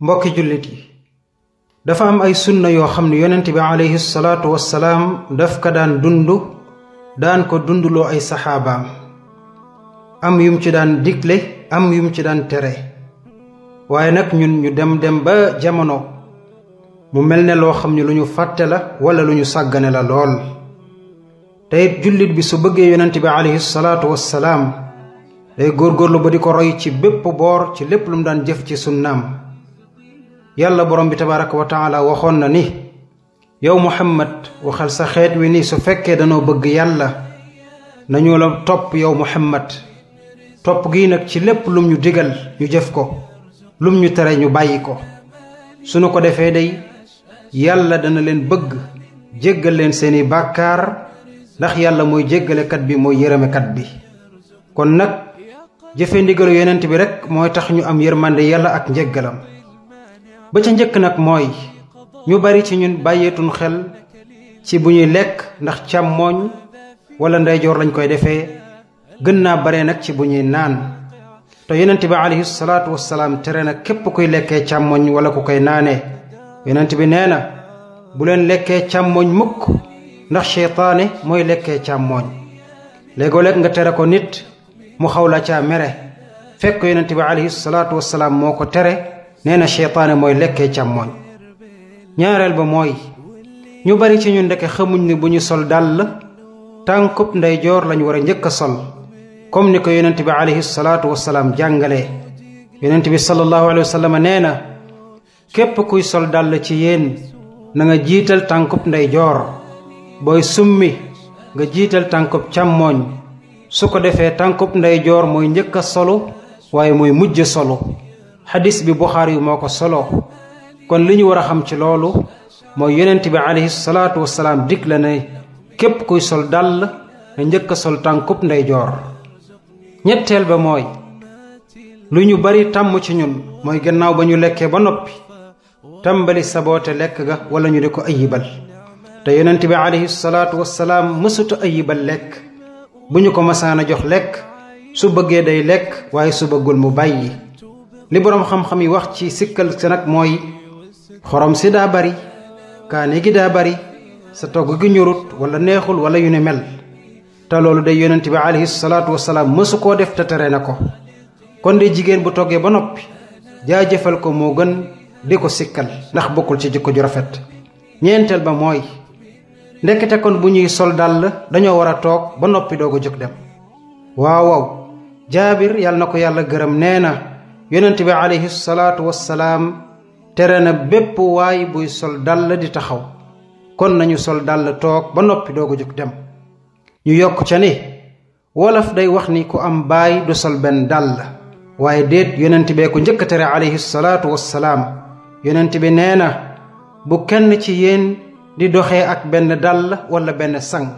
mbokki jullit yi dafa am ay sunna yoo xam ne yonent bi aleyhi salaatu wassalaam daf ka daan dund daan ko dundloo ay saxaabaam am yum ci daan digle am yum ci daan tere waaye nag ñun ñu dem dem ba jamono mu mel ne loo xam ne lu ñu fàtte la wala lu ñu sàggane la lool te jullit bi su bëggee yonent bi aleyhi salaatu wassalaam góor góorgóorlu ba di ko roy ci bépp boor ci lépp lu mu daan jëf ci sunnaam yàlla borom bi tabaraka wa taala waxoon na ni yow muhammad waxal sa xeet wi ni su fekkee danoo bëgg yàlla nañu la topp yow muhammad topp gii nag ci lépp lum ñu digal ñu jëf ko lum ñu tere ñu bàyyi ko suñu ko defee day yàlla dana leen bëgg jéggal leen seeni bàkkaar ndax yàlla mooy jéggalekat bi mooy yërëmekat bi kon nag jëfe ndigalu yonent bi rekk mooy tax ñu am yërmande yàlla ak njéggalam ba ca njëkk nag mooy ñu bari ci ñun bàyyeetuñ xel ci bu ñuy lekk ndax càmmooñ wala ndeyjoor lañ koy defee gën naa bare nag ci bu ñuy naan te yonent bi alayhi salaatu wasalaam tere nag képp kuy lekkee càmmoñ wala ku koy naanee yonent bi nee na bu leen lekkee càmmooñ mukk ndax seytaane mooy lekkee càmmooñ léegoo nga tere ko nit mu xaw la caa mere fekk yonent bi alayhi salaatu wasalaam moo ko tere nee na mooy lekkee càmmooñ ñaareel ba mooy ñu bari ci ñu ndeke xamuñ ne bu ñu sol dàll tànkub ndeyjoor lañu war a njëkk a sol comme ni ko yonent bi alayhi salaatu wasalaam jàngalee yonent bi sallallahu alayhi wa sallam nee na képp kuy sol dàll ci yéen na nga jiital tànkub ndeyjoor booy summi nga jiital tànkub càmmooñ su ko defee tànkub ndeyjoor mooy njëkk a solu waaye mooy mujj solu xadis bi buxaari yu moo ko soloo kon li ñu war a xam ci loolu mooy yonent bi alayhi salaatu wasalaam dig la ne képp kuy sol dàll na njëkk a sol tànkub ndeyjoor ñetteel ba mooy lu ñu bari tàmm ci ñun mooy gannaaw ba ñu lekkee ba noppi tàmbali saboote lekk ga wala ñu di ko ayibal te yonent bi alayhi salaatu wasalaam mësuta ayibal lekk bu ñu ko masaan a jox lekk su bëggee day lekk waaye su bëggul mu bàyyi li boroom xam-xam yi wax ci sikkal sa nag mooy xorom si daa bari kaane gi daa bari sa togg gi ñorut wala neexul wala yu ne mel te loolu day yonent bi alayhi salaatu wasalaam mësu koo def te tere na ko kon de jigéen bu toggee ba noppi jaajëfal ko moo gën di ko sikkal ndax bokkul ci jikko ju rafet ñeenteel ba mooy ndekete kon bu ñuy sol dàll dañoo war a toog ba noppi doo ko jóg dem waaw jaabir yàlla na ko yàlla gërëm nee na yonent bi aleyhi salaatu wassalaam tere na bépp waay buy sol dàll di taxaw kon nañu sol dàll toog ba noppi doog a jóg dem ñu yokk ca ni wolof day wax ni ku am baay du sol benn dàll waaye déet yonent bee ko njëkk a tere aleyhi salaatu yonent bi nee na bu kenn ci yéen di doxee ak benn dàll walla benn sang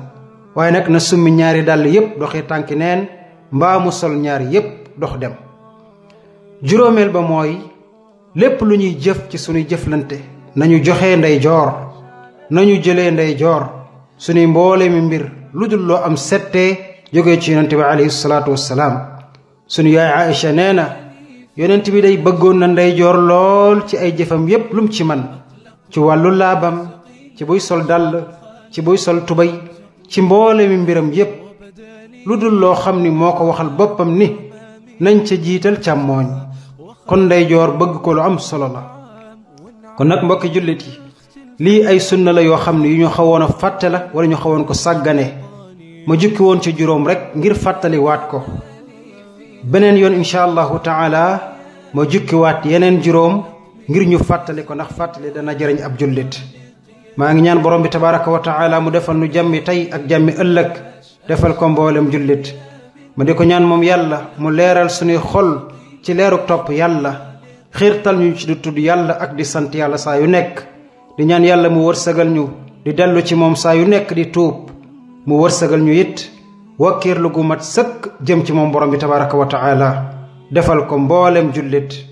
waaye nag na summi ñaari dàll yépp doxee tànki neen mbaamu sol ñaar yépp dox dem juróomeel ba mooy lépp lu ñuy jëf ci suñuy jëflante nañu joxe ndeyjoor joor nañu jëlee ndeyjoor joor suñuy mboole mi mbir lu dul loo am settee jóge ci yonent bi alayhi salaatu wassalaam suñu yaay Aïcha nee na yonent bi day bëggoon na ndeyjoor lool ci ay jëfam yépp lum ci man ci wàllu laabam ci buy sol dàll ci buy sol tubéy ci mboole mbiram yépp lu dul loo xam ni moo ko waxal boppam ni nañ ca jiital càmmooñ kon ndeyjoor bëgg ko lu am solo la kon nag mbokki jullit yi lii ay sunna la yoo xam ne yu ñu xawoon a fàtte la wala ñu xawoon ko sàggane ma jukki woon ci juróom rek ngir fàttali waat ko beneen yoon incha allahu taala ma jukki waat yeneen juróom ngir ñu fàttali ko ndax fàttali dana jariñ ab jullit maa ngi ñaan borom bi tabaraka wa taala mu defal nu jàmmi tey ak jàmmi ëllëg defal ko mboolem jullit ma di ko ñaan moom yàlla mu leeral suñuy xol ci leeru topp yàlla tal ñu ci di tudd yàlla ak di sant yàlla saa yu nekk di ñaan yàlla mu wërsëgal ñu di dellu ci moom saa yu nekk di tuub mu wërsëgal ñu it wakkiir lu gu mat sëkk jëm ci moom borom bi tabaraka wa taala defal ko mboolem jullit